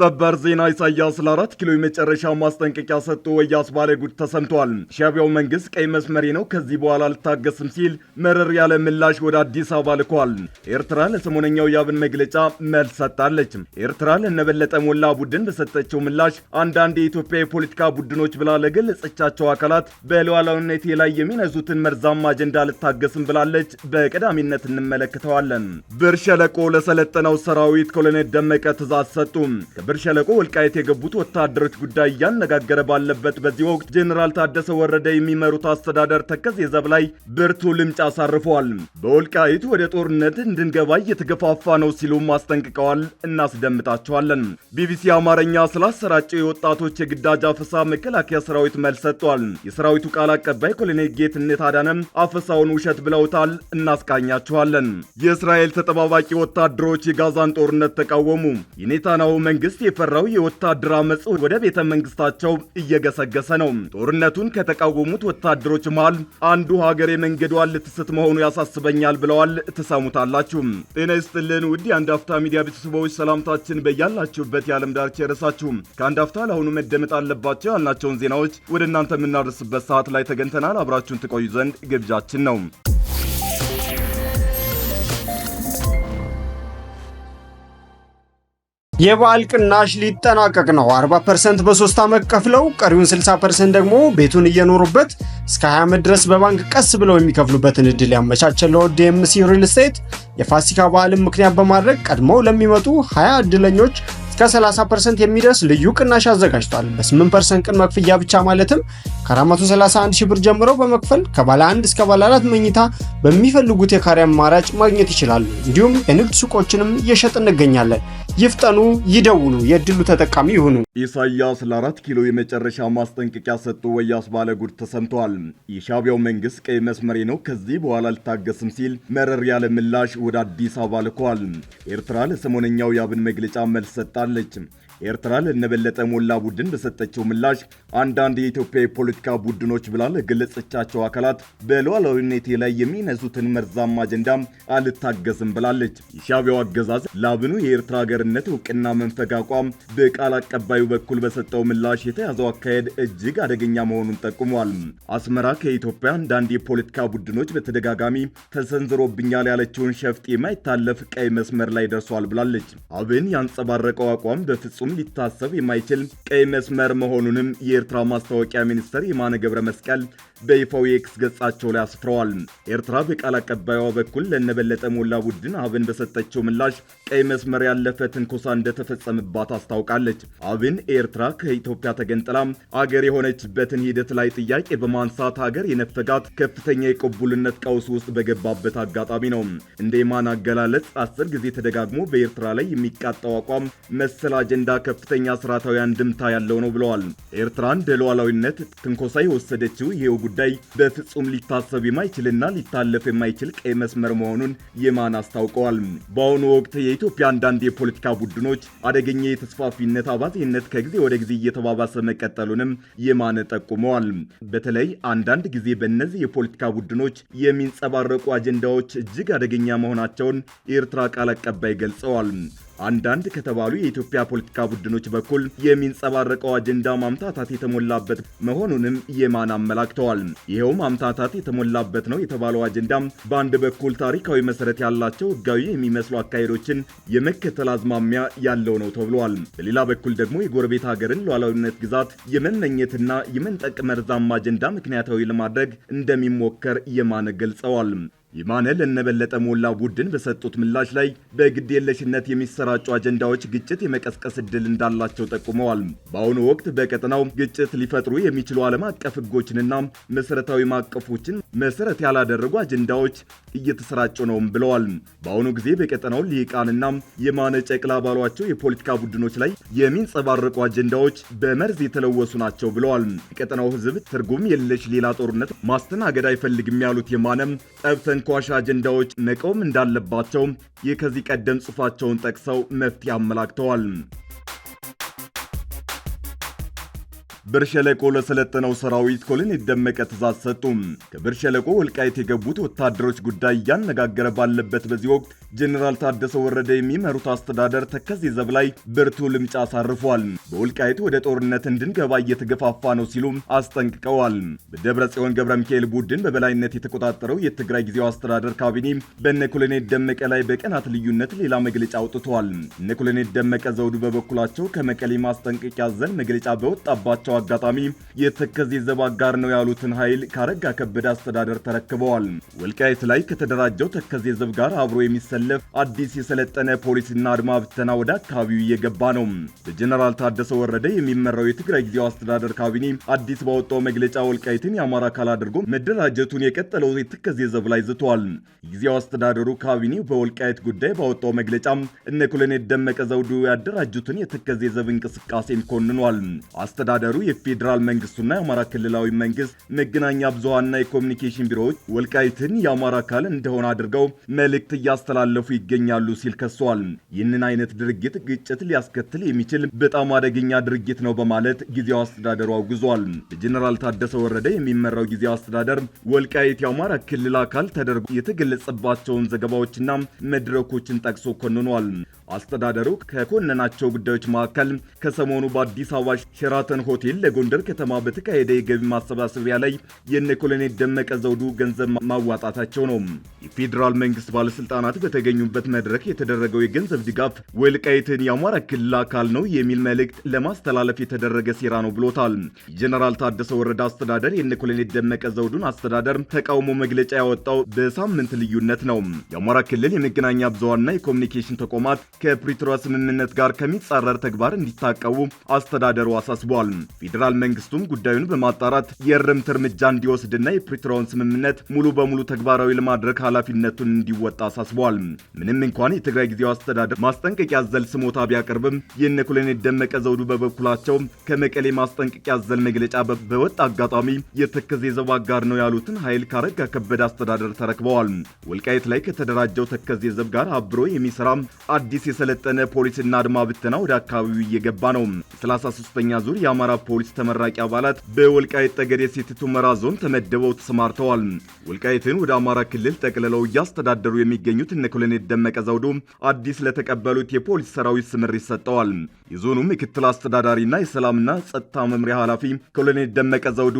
ሰበር ዜና ኢሳያስ ለአራት ኪሎ የመጨረሻ ማስጠንቀቂያ ሰጥቶ ወያስ ባለ ጉድ ተሰምቷል። ሻቢያው መንግስት ቀይ መስመሬ ነው ከዚህ በኋላ አልታገስም ሲል መረር ያለ ምላሽ ወደ አዲስ አበባ ልኳል። ኤርትራ ለሰሞነኛው የአብን መግለጫ መልስ ሰጥታለች። ኤርትራ ለነበለጠ ሞላ ቡድን በሰጠችው ምላሽ አንዳንድ የኢትዮጵያ የፖለቲካ ቡድኖች ብላ ለገለጸቻቸው አካላት በሉዓላዊነቴ ላይ የሚነዙትን መርዛማ አጀንዳ አልታገስም ብላለች። በቀዳሚነት እንመለከተዋለን። ብር ሸለቆ ለሰለጠነው ሰራዊት ኮሎኔል ደመቀ ትእዛዝ ሰጡ። ሽብር ሸለቆ ወልቃየት የገቡት ወታደሮች ጉዳይ እያነጋገረ ባለበት በዚህ ወቅት ጄኔራል ታደሰ ወረደ የሚመሩት አስተዳደር ተከዜ ዘብ ላይ ብርቱ ልምጫ አሳርፈዋል። በወልቃይት ወደ ጦርነት እንድንገባ እየተገፋፋ ነው ሲሉም አስጠንቅቀዋል። እናስደምጣቸዋለን። ቢቢሲ አማርኛ ስላሰራጨው የወጣቶች የግዳጅ አፈሳ መከላከያ ሰራዊት መልስ ሰጥቷል። የሰራዊቱ ቃል አቀባይ ኮሎኔል ጌትነት አዳነም አፈሳውን ውሸት ብለውታል። እናስቃኛቸዋለን። የእስራኤል ተጠባባቂ ወታደሮች የጋዛን ጦርነት ተቃወሙ። የኔታናው መንግስት መንግስት የፈራው የወታደር አመፅ ወደ ቤተ መንግስታቸው እየገሰገሰ ነው። ጦርነቱን ከተቃወሙት ወታደሮች መሃል አንዱ ሀገር የመንገዷን ልትስት መሆኑ ያሳስበኛል ብለዋል። ትሰሙታላችሁ። ጤና ይስጥልን ውድ የአንድ አፍታ ሚዲያ ቤተሰቦች፣ ሰላምታችን በያላችሁበት የዓለም ዳርቻ የረሳችሁ ከአንድ አፍታ ለአሁኑ መደመጥ አለባቸው ያልናቸውን ዜናዎች ወደ እናንተ የምናደርስበት ሰዓት ላይ ተገኝተናል። አብራችሁን ትቆዩ ዘንድ ግብዣችን ነው። የበዓል ቅናሽ ሊጠናቀቅ ነው። 40 ፐርሰንት በሶስት ዓመት ከፍለው ቀሪውን 60 ፐርሰንት ደግሞ ቤቱን እየኖሩበት እስከ 20 ዓመት ድረስ በባንክ ቀስ ብለው የሚከፍሉበትን እድል ያመቻቸለው ዲኤምሲ ሪል ስቴት የፋሲካ በዓልን ምክንያት በማድረግ ቀድመው ለሚመጡ 20 እድለኞች ከ30% የሚደርስ ልዩ ቅናሽ አዘጋጅቷል። በ8% ቅን መክፍያ ብቻ ማለትም ከ431 ሺህ ብር ጀምሮ በመክፈል ከባለ 1 እስከ ባለ 4 መኝታ በሚፈልጉት የካሬ አማራጭ ማግኘት ይችላሉ። እንዲሁም የንግድ ሱቆችንም እየሸጥ እንገኛለን። ይፍጠኑ፣ ይደውሉ፣ የድሉ ተጠቃሚ ይሁኑ። ኢሳያስ ለአራት ኪሎ የመጨረሻ ማስጠንቀቂያ ሰጡ። ወያስ ባለጉድ ተሰምተዋል። የሻቢያው መንግስት ቀይ መስመሬ ነው ከዚህ በኋላ አልታገስም ሲል መረር ያለ ምላሽ ወደ አዲስ አበባ ልኳል። ኤርትራ ለሰሞነኛው የአብን መግለጫ መልስ ሰጣለች። ኤርትራ ለነበለጠ ሞላ ቡድን በሰጠችው ምላሽ አንዳንድ የኢትዮጵያ የፖለቲካ ቡድኖች ብላ ለገለጸቻቸው አካላት በሉዓላዊነቴ ላይ የሚነሱትን መርዛማ አጀንዳ አልታገስም ብላለች። የሻቢያው አገዛዝ ለአብኑ የኤርትራ ሀገር የሀገርነት እውቅና መንፈግ አቋም በቃል አቀባዩ በኩል በሰጠው ምላሽ የተያዘው አካሄድ እጅግ አደገኛ መሆኑን ጠቁሟል። አስመራ ከኢትዮጵያ አንዳንድ የፖለቲካ ቡድኖች በተደጋጋሚ ተሰንዝሮብኛል ያለችውን ሸፍጥ የማይታለፍ ቀይ መስመር ላይ ደርሷል ብላለች። አብን ያንጸባረቀው አቋም በፍጹም ሊታሰብ የማይችል ቀይ መስመር መሆኑንም የኤርትራ ማስታወቂያ ሚኒስትር የማነ ገብረ መስቀል በይፋው የኤክስ ገጻቸው ላይ አስፍረዋል። ኤርትራ በቃል አቀባይዋ በኩል ለነበለጠ ሞላ ቡድን አብን በሰጠችው ምላሽ ቀይ መስመር ያለፈ ትንኮሳ እንደተፈጸመባት አስታውቃለች። አብን ኤርትራ ከኢትዮጵያ ተገንጥላ አገር የሆነችበትን ሂደት ላይ ጥያቄ በማንሳት ሀገር የነፈጋት ከፍተኛ የቅቡልነት ቀውስ ውስጥ በገባበት አጋጣሚ ነው። እንደ የማን አገላለጽ አስር ጊዜ ተደጋግሞ በኤርትራ ላይ የሚቃጣው አቋም መሰል አጀንዳ ከፍተኛ ስርዓታዊ አንድምታ ያለው ነው ብለዋል። ኤርትራን እንደ ሉዓላዊነት ትንኮሳ የወሰደችው ይሄው ጉዳይ በፍጹም ሊታሰብ የማይችልና ሊታለፍ የማይችል ቀይ መስመር መሆኑን የማን አስታውቀዋል። በአሁኑ ወቅት የኢትዮጵያ አንዳንድ የፖለቲካ ቡድኖች አደገኛ የተስፋፊነት አባዜነት ከጊዜ ወደ ጊዜ እየተባባሰ መቀጠሉንም የማነ ጠቁመዋል። በተለይ አንዳንድ ጊዜ በእነዚህ የፖለቲካ ቡድኖች የሚንጸባረቁ አጀንዳዎች እጅግ አደገኛ መሆናቸውን የኤርትራ ቃል አቀባይ ገልጸዋል። አንዳንድ ከተባሉ የኢትዮጵያ ፖለቲካ ቡድኖች በኩል የሚንጸባረቀው አጀንዳ ማምታታት የተሞላበት መሆኑንም የማን አመላክተዋል። ይኸው ማምታታት የተሞላበት ነው የተባለው አጀንዳም በአንድ በኩል ታሪካዊ መሰረት ያላቸው ህጋዊ የሚመስሉ አካሄዶችን የመከተል አዝማሚያ ያለው ነው ተብሏል። በሌላ በኩል ደግሞ የጎረቤት ሀገርን ሉዓላዊነት፣ ግዛት የመመኘትና የመንጠቅ መርዛማ አጀንዳ ምክንያታዊ ለማድረግ እንደሚሞከር የማነ ገልጸዋል። የማነ ለነበለጠ ሞላ ቡድን በሰጡት ምላሽ ላይ በግድ የለሽነት የሚሰራጩ አጀንዳዎች ግጭት የመቀስቀስ እድል እንዳላቸው ጠቁመዋል። በአሁኑ ወቅት በቀጠናው ግጭት ሊፈጥሩ የሚችሉ ዓለም አቀፍ ሕጎችንና መሰረታዊ ማዕቀፎችን መሰረት ያላደረጉ አጀንዳዎች እየተሰራጩ ነውም ብለዋል። በአሁኑ ጊዜ በቀጠናው ሊቃንና የማነ ጨቅላ ባሏቸው የፖለቲካ ቡድኖች ላይ የሚንጸባረቁ አጀንዳዎች በመርዝ የተለወሱ ናቸው ብለዋል። የቀጠናው ሕዝብ ትርጉም የለሽ ሌላ ጦርነት ማስተናገድ አይፈልግም ያሉት የማነም ጠብተን ተንኳሽ አጀንዳዎች መቆም እንዳለባቸው የከዚህ ቀደም ጽሑፋቸውን ጠቅሰው መፍትሄ አመላክተዋል። ብር ሸለቆ ለሰለጠነው ሰራዊት ኮሎኔል ደመቀ ትእዛዝ ሰጡ። ከብር ሸለቆ ወልቃይት የገቡት ወታደሮች ጉዳይ እያነጋገረ ባለበት በዚህ ወቅት ጄኔራል ታደሰ ወረደ የሚመሩት አስተዳደር ተከዜ ዘብ ላይ ብርቱ ልምጫ አሳርፏል። በወልቃይት ወደ ጦርነት እንድንገባ እየተገፋፋ ነው ሲሉ አስጠንቅቀዋል። በደብረ ጽዮን ገብረ ሚካኤል ቡድን በበላይነት የተቆጣጠረው የትግራይ ጊዜው አስተዳደር ካቢኔ በነ ኮሎኔል ደመቀ ላይ በቀናት ልዩነት ሌላ መግለጫ አውጥቷል። እነ ኮሎኔል ደመቀ ዘውዱ በበኩላቸው ከመቀሌ ማስጠንቀቂያ ዘን መግለጫ በወጣባቸው አጋጣሚ የተከዜ ዘብ አጋር ነው ያሉትን ኃይል ካረጋ ከበደ አስተዳደር ተረክበዋል። ወልቃይት ላይ ከተደራጀው ተከዜ ዘብ ጋር አብሮ የሚሰለፍ አዲስ የሰለጠነ ፖሊስና አድማ ብተና ወደ አካባቢው እየገባ ነው። በጀነራል ታደሰ ወረደ የሚመራው የትግራይ ጊዜው አስተዳደር ካቢኔ አዲስ ባወጣው መግለጫ ወልቃይትን የአማራ አካል አድርጎ መደራጀቱን የቀጠለው የተከዜ ዘብ ላይ ዝቷል። ጊዜው አስተዳደሩ ካቢኔ በወልቃይት ጉዳይ ባወጣው መግለጫ እነ ኮሎኔል ደመቀ ዘውዱ ያደራጁትን የተከዜ ዘብ እንቅስቃሴን ኮንኗል። አስተዳደሩ የፌዴራል መንግስቱና የአማራ ክልላዊ መንግስት መገናኛ ብዙሃንና የኮሚኒኬሽን ቢሮዎች ወልቃይትን የአማራ አካል እንደሆነ አድርገው መልእክት እያስተላለፉ ይገኛሉ ሲል ከሷል። ይህንን አይነት ድርጊት ግጭት ሊያስከትል የሚችል በጣም አደገኛ ድርጊት ነው በማለት ጊዜያዊ አስተዳደሩ አውግዟል። በጀኔራል ታደሰ ወረደ የሚመራው ጊዜያዊ አስተዳደር ወልቃይት የአማራ ክልል አካል ተደርጎ የተገለጸባቸውን ዘገባዎችና መድረኮችን ጠቅሶ ኮንኗል። አስተዳደሩ ከኮነናቸው ጉዳዮች መካከል ከሰሞኑ በአዲስ አበባ ሸራተን ሆቴል ለጎንደር ከተማ በተካሄደ የገቢ ማሰባሰቢያ ላይ የነ ኮሎኔል ደመቀ ዘውዱ ገንዘብ ማዋጣታቸው ነው። የፌዴራል መንግስት ባለስልጣናት በተገኙበት መድረክ የተደረገው የገንዘብ ድጋፍ ወልቃይትን የአማራ ክልል አካል ነው የሚል መልእክት ለማስተላለፍ የተደረገ ሴራ ነው ብሎታል። ጀነራል ታደሰ ወረዳ አስተዳደር የነ ኮሎኔል ደመቀ ዘውዱን አስተዳደር ተቃውሞ መግለጫ ያወጣው በሳምንት ልዩነት ነው። የአማራ ክልል የመገናኛ ብዙሃንና የኮሚኒኬሽን ተቋማት ከፕሪቶሪያ ስምምነት ጋር ከሚጻረር ተግባር እንዲታቀቡ አስተዳደሩ አሳስቧል። ፌዴራል መንግስቱም ጉዳዩን በማጣራት የእርምት እርምጃ እንዲወስድና የፕሪቶሪያውን ስምምነት ሙሉ በሙሉ ተግባራዊ ለማድረግ ኃላፊነቱን እንዲወጣ አሳስበዋል። ምንም እንኳን የትግራይ ጊዜያዊ አስተዳደር ማስጠንቀቂያ አዘል ስሞታ ቢያቀርብም ይህን ኮሎኔል ደመቀ ዘውዱ በበኩላቸው ከመቀሌ ማስጠንቀቂያ አዘል መግለጫ በወጥ አጋጣሚ የተከዜ ዘብ አጋር ነው ያሉትን ኃይል ካረጋ ከበደ አስተዳደር ተረክበዋል። ወልቃይት ላይ ከተደራጀው ተከዜ ዘብ ጋር አብሮ የሚሰራ አዲስ የሰለጠነ ፖሊስና አድማ ብተና ወደ አካባቢው እየገባ ነው። 33ኛ ዙር የአማራ ፖሊስ ተመራቂ አባላት በወልቃይት ጠገዴ ሰቲት ሁመራ ዞን ተመደበው ተሰማርተዋል። ወልቃይትን ወደ አማራ ክልል ጠቅልለው እያስተዳደሩ የሚገኙት እነ ኮሎኔል ደመቀ ዘውዱ አዲስ ለተቀበሉት የፖሊስ ሰራዊት ስምሪት ሰጠዋል። የዞኑ ምክትል አስተዳዳሪና የሰላምና ጸጥታ መምሪያ ኃላፊ ኮሎኔል ደመቀ ዘውዱ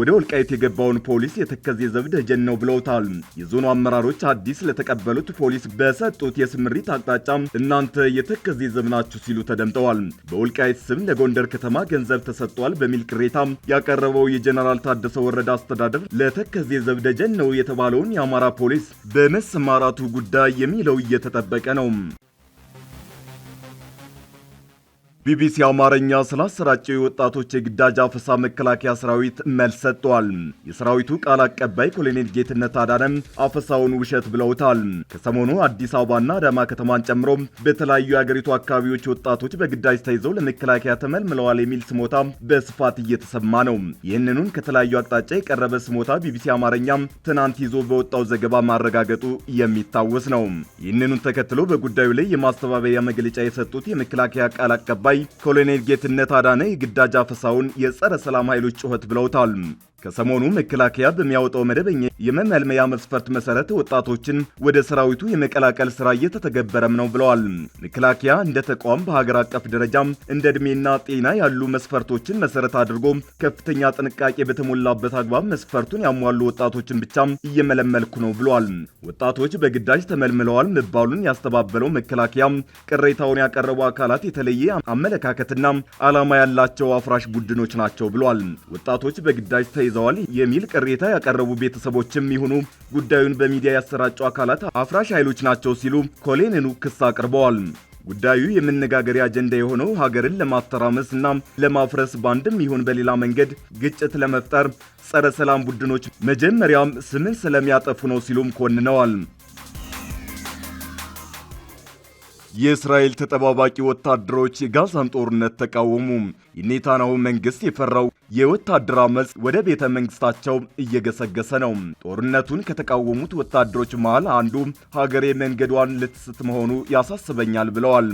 ወደ ወልቃይት የገባውን ፖሊስ የተከዜ ዘብ ደጀን ነው ብለውታል። የዞኑ አመራሮች አዲስ ለተቀበሉት ፖሊስ በሰጡት የስምሪት አቅጣጫ እናንተ የተከዜ ዘብ ናችሁ ሲሉ ተደምጠዋል። በወልቃይት ስም ለጎንደር ከተማ ገንዘብ ተሰ ተሰጥቷል በሚል ቅሬታም ያቀረበው የጀነራል ታደሰ ወረደ አስተዳደር ለተከዜ ዘብደጀን ነው የተባለውን የአማራ ፖሊስ በመሰማራቱ ጉዳይ የሚለው እየተጠበቀ ነው። ቢቢሲ አማርኛ ስላሰራጨው የወጣቶች የግዳጅ አፈሳ መከላከያ ሰራዊት መልስ ሰጥቷል። የሰራዊቱ ቃል አቀባይ ኮሎኔል ጌትነት አዳነም አፈሳውን ውሸት ብለውታል። ከሰሞኑ አዲስ አበባና አዳማ ከተማን ጨምሮ በተለያዩ የአገሪቱ አካባቢዎች ወጣቶች በግዳጅ ተይዘው ለመከላከያ ተመልምለዋል የሚል ስሞታ በስፋት እየተሰማ ነው። ይህንኑን ከተለያዩ አቅጣጫ የቀረበ ስሞታ ቢቢሲ አማርኛ ትናንት ይዞ በወጣው ዘገባ ማረጋገጡ የሚታወስ ነው። ይህንኑን ተከትሎ በጉዳዩ ላይ የማስተባበሪያ መግለጫ የሰጡት የመከላከያ ቃል አቀባይ ኮሎኔል ጌትነት አዳነ የግዳጅ አፈሳውን የጸረ ሰላም ኃይሎች ጩኸት ብለውታል። ከሰሞኑ መከላከያ በሚያወጣው መደበኛ የመመልመያ መስፈርት መሰረት ወጣቶችን ወደ ሰራዊቱ የመቀላቀል ስራ እየተተገበረም ነው ብለዋል። መከላከያ እንደ ተቋም በሀገር አቀፍ ደረጃም እንደ እድሜና ጤና ያሉ መስፈርቶችን መሰረት አድርጎ ከፍተኛ ጥንቃቄ በተሞላበት አግባብ መስፈርቱን ያሟሉ ወጣቶችን ብቻ እየመለመልኩ ነው ብለዋል። ወጣቶች በግዳጅ ተመልምለዋል መባሉን ያስተባበለው መከላከያ ቅሬታውን ያቀረቡ አካላት የተለየ አመለካከትና ዓላማ ያላቸው አፍራሽ ቡድኖች ናቸው ብለዋል። ወጣቶች በግዳጅ ይዘዋል የሚል ቅሬታ ያቀረቡ ቤተሰቦችም ይሁኑ ጉዳዩን በሚዲያ ያሰራጩ አካላት አፍራሽ ኃይሎች ናቸው ሲሉ ኮሌንኑ ክስ አቅርበዋል። ጉዳዩ የመነጋገሪያ አጀንዳ የሆነው ሀገርን ለማተራመስ እና ለማፍረስ በአንድም ይሁን በሌላ መንገድ ግጭት ለመፍጠር ጸረ ሰላም ቡድኖች መጀመሪያም ስምን ስለሚያጠፉ ነው ሲሉም ኮንነዋል። የእስራኤል ተጠባባቂ ወታደሮች የጋዛን ጦርነት ተቃወሙ። የኔታናሁ መንግስት የፈራው የወታደር አመፅ ወደ ቤተ መንግስታቸው እየገሰገሰ ነው። ጦርነቱን ከተቃወሙት ወታደሮች መሃል አንዱ ሀገሬ መንገዷን ልትስት መሆኑ ያሳስበኛል ብለዋል።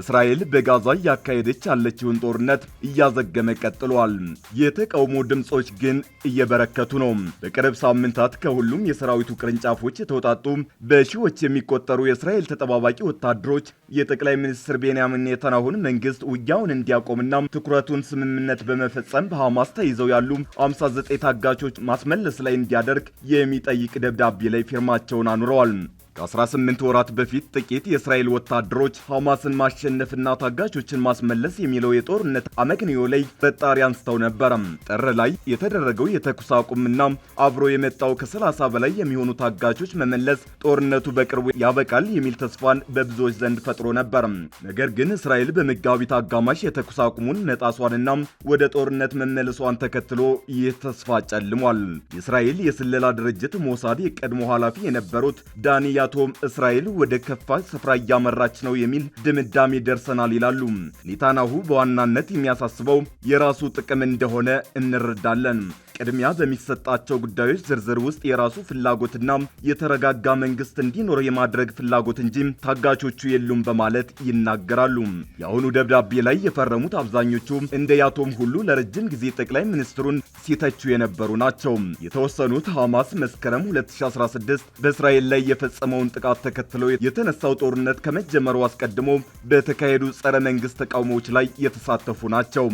እስራኤል በጋዛ እያካሄደች ያለችውን ጦርነት እያዘገመ ቀጥሏል። የተቃውሞ ድምፆች ግን እየበረከቱ ነው። በቅርብ ሳምንታት ከሁሉም የሰራዊቱ ቅርንጫፎች የተውጣጡ በሺዎች የሚቆጠሩ የእስራኤል ተጠባባቂ ወታደሮች የጠቅላይ ሚኒስትር ቤንያሚን ኔታንያሁን መንግስት ውጊያውን እንዲያቆምና ትኩረቱን ስምምነት በመፈጸም በሃማ በሐማስ ተይዘው ያሉ 59 ታጋቾች ማስመለስ ላይ እንዲያደርግ የሚጠይቅ ደብዳቤ ላይ ፊርማቸውን አኑረዋል። ከ18 ወራት በፊት ጥቂት የእስራኤል ወታደሮች ሐማስን ማሸነፍና ታጋቾችን ማስመለስ የሚለው የጦርነት አመክንዮ ላይ በጣሪ አንስተው ነበረ። ጥር ላይ የተደረገው የተኩስ አቁምና አብሮ የመጣው ከ30 በላይ የሚሆኑ ታጋቾች መመለስ ጦርነቱ በቅርቡ ያበቃል የሚል ተስፋን በብዙዎች ዘንድ ፈጥሮ ነበር። ነገር ግን እስራኤል በመጋቢት አጋማሽ የተኩስ አቁሙን መጣሷንና ወደ ጦርነት መመለሷን ተከትሎ ይህ ተስፋ ጨልሟል። የእስራኤል የስለላ ድርጅት ሞሳድ የቀድሞ ኃላፊ የነበሩት ዳንያ በመርዳቱ እስራኤል ወደ ከፋ ስፍራ እያመራች ነው የሚል ድምዳሜ ደርሰናል ይላሉ። ኔታናሁ በዋናነት የሚያሳስበው የራሱ ጥቅም እንደሆነ እንረዳለን። ቅድሚያ በሚሰጣቸው ጉዳዮች ዝርዝር ውስጥ የራሱ ፍላጎትና የተረጋጋ መንግስት እንዲኖር የማድረግ ፍላጎት እንጂ ታጋቾቹ የሉም በማለት ይናገራሉ። የአሁኑ ደብዳቤ ላይ የፈረሙት አብዛኞቹ እንደ ያቶም ሁሉ ለረጅም ጊዜ ጠቅላይ ሚኒስትሩን ሲተቹ የነበሩ ናቸው። የተወሰኑት ሐማስ መስከረም 2016 በእስራኤል ላይ የፈጸመ የተፈጸመውን ጥቃት ተከትሎ የተነሳው ጦርነት ከመጀመሩ አስቀድሞ በተካሄዱ ጸረ መንግስት ተቃውሞዎች ላይ የተሳተፉ ናቸው።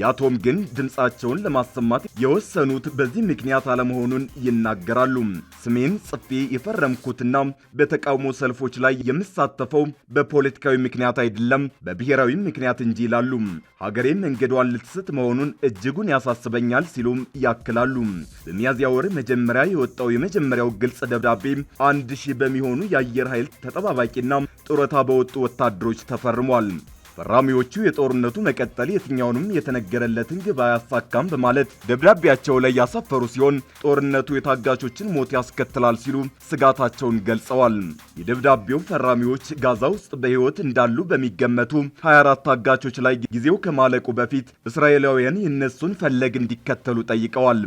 የአቶም ግን ድምፃቸውን ለማሰማት የወሰኑት በዚህ ምክንያት አለመሆኑን ይናገራሉ። ስሜን ጽፌ የፈረምኩትና በተቃውሞ ሰልፎች ላይ የምሳተፈው በፖለቲካዊ ምክንያት አይደለም በብሔራዊ ምክንያት እንጂ ይላሉ። ሀገሬ መንገዷን ልትስት መሆኑን እጅጉን ያሳስበኛል ሲሉም ያክላሉ። በሚያዝያ ወር መጀመሪያ የወጣው የመጀመሪያው ግልጽ ደብዳቤ አንድ ሺህ በሚ የሚሆኑ የአየር ኃይል ተጠባባቂና ጡረታ በወጡ ወታደሮች ተፈርሟል። ፈራሚዎቹ የጦርነቱ መቀጠል የትኛውንም የተነገረለትን ግብ አያሳካም በማለት ደብዳቤያቸው ላይ ያሰፈሩ ሲሆን ጦርነቱ የታጋቾችን ሞት ያስከትላል ሲሉ ስጋታቸውን ገልጸዋል። የደብዳቤው ፈራሚዎች ጋዛ ውስጥ በሕይወት እንዳሉ በሚገመቱ 24 ታጋቾች ላይ ጊዜው ከማለቁ በፊት እስራኤላውያን የእነሱን ፈለግ እንዲከተሉ ጠይቀዋል።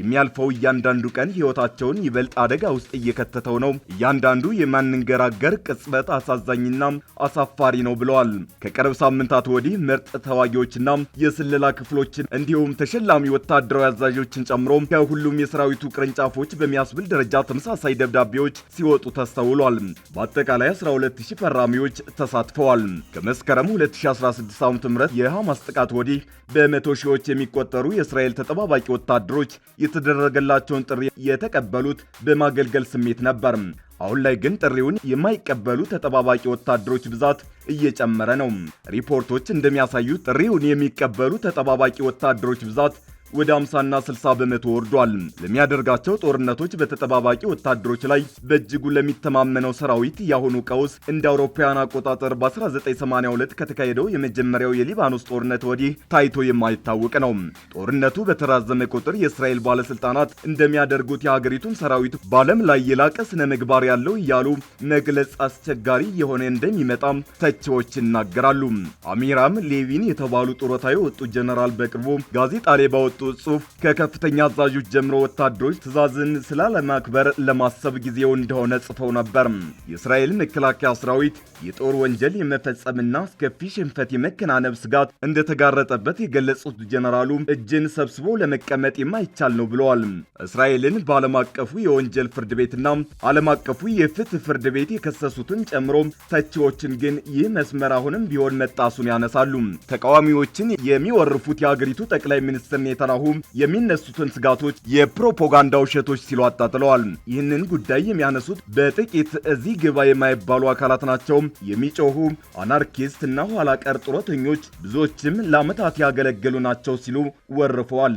የሚያልፈው እያንዳንዱ ቀን ሕይወታቸውን ይበልጥ አደጋ ውስጥ እየከተተው ነው። እያንዳንዱ የማንንገራገር ቅጽበት አሳዛኝና አሳፋሪ ነው ብለዋል። ከቅርብ ሳምንታት ወዲህ ምርጥ ተዋጊዎችና የስለላ ክፍሎችን እንዲሁም ተሸላሚ ወታደራዊ አዛዦችን ጨምሮ ከሁሉም የሰራዊቱ ቅርንጫፎች በሚያስብል ደረጃ ተመሳሳይ ደብዳቤዎች ሲወጡ ተስተውሏል። በአጠቃላይ 12 ፈራሚዎች ተሳትፈዋል። ከመስከረም 2016 ዓ.ም የሐማስ ጥቃት ወዲህ በመቶ ሺዎች የሚቆጠሩ የእስራኤል ተጠባባቂ ወታደሮች የተደረገላቸውን ጥሪ የተቀበሉት በማገልገል ስሜት ነበር። አሁን ላይ ግን ጥሪውን የማይቀበሉ ተጠባባቂ ወታደሮች ብዛት እየጨመረ ነው። ሪፖርቶች እንደሚያሳዩት ጥሪውን የሚቀበሉ ተጠባባቂ ወታደሮች ብዛት ወደ 50ና 60 በመቶ ወርዷል። ለሚያደርጋቸው ጦርነቶች በተጠባባቂ ወታደሮች ላይ በእጅጉ ለሚተማመነው ሰራዊት የአሁኑ ቀውስ እንደ አውሮፓውያን አቆጣጠር በ1982 ከተካሄደው የመጀመሪያው የሊባኖስ ጦርነት ወዲህ ታይቶ የማይታወቅ ነው። ጦርነቱ በተራዘመ ቁጥር የእስራኤል ባለስልጣናት እንደሚያደርጉት የሀገሪቱን ሰራዊት በዓለም ላይ የላቀ ስነ ምግባር ያለው እያሉ መግለጽ አስቸጋሪ የሆነ እንደሚመጣም ተቺዎች ይናገራሉ። አሚራም ሌቪን የተባሉ ጡረታ የወጡ ጀነራል በቅርቡ ጋዜጣ ላይ ባወጡ ባወጡት ጽሑፍ ከከፍተኛ አዛዦች ጀምሮ ወታደሮች ትዕዛዝን ስላለማክበር ለማሰብ ጊዜው እንደሆነ ጽፈው ነበር። የእስራኤል መከላከያ ሰራዊት የጦር ወንጀል የመፈጸምና አስከፊ ሽንፈት የመከናነብ ስጋት እንደተጋረጠበት የገለጹት ጀነራሉ እጅን ሰብስቦ ለመቀመጥ የማይቻል ነው ብለዋል። እስራኤልን በዓለም አቀፉ የወንጀል ፍርድ ቤትና ዓለም አቀፉ የፍትህ ፍርድ ቤት የከሰሱትን ጨምሮ ተቺዎችን ግን ይህ መስመር አሁንም ቢሆን መጣሱን ያነሳሉ። ተቃዋሚዎችን የሚወርፉት የአገሪቱ ጠቅላይ ሚኒስትር ኔታ ኔታንያሁም የሚነሱትን ስጋቶች የፕሮፓጋንዳ ውሸቶች ሲሉ አጣጥለዋል። ይህንን ጉዳይ የሚያነሱት በጥቂት እዚህ ግባ የማይባሉ አካላት ናቸው። የሚጮሁ አናርኪስት እና ኋላ ቀር ጡረተኞች ብዙዎችም ለዓመታት ያገለገሉ ናቸው ሲሉ ወርፈዋል።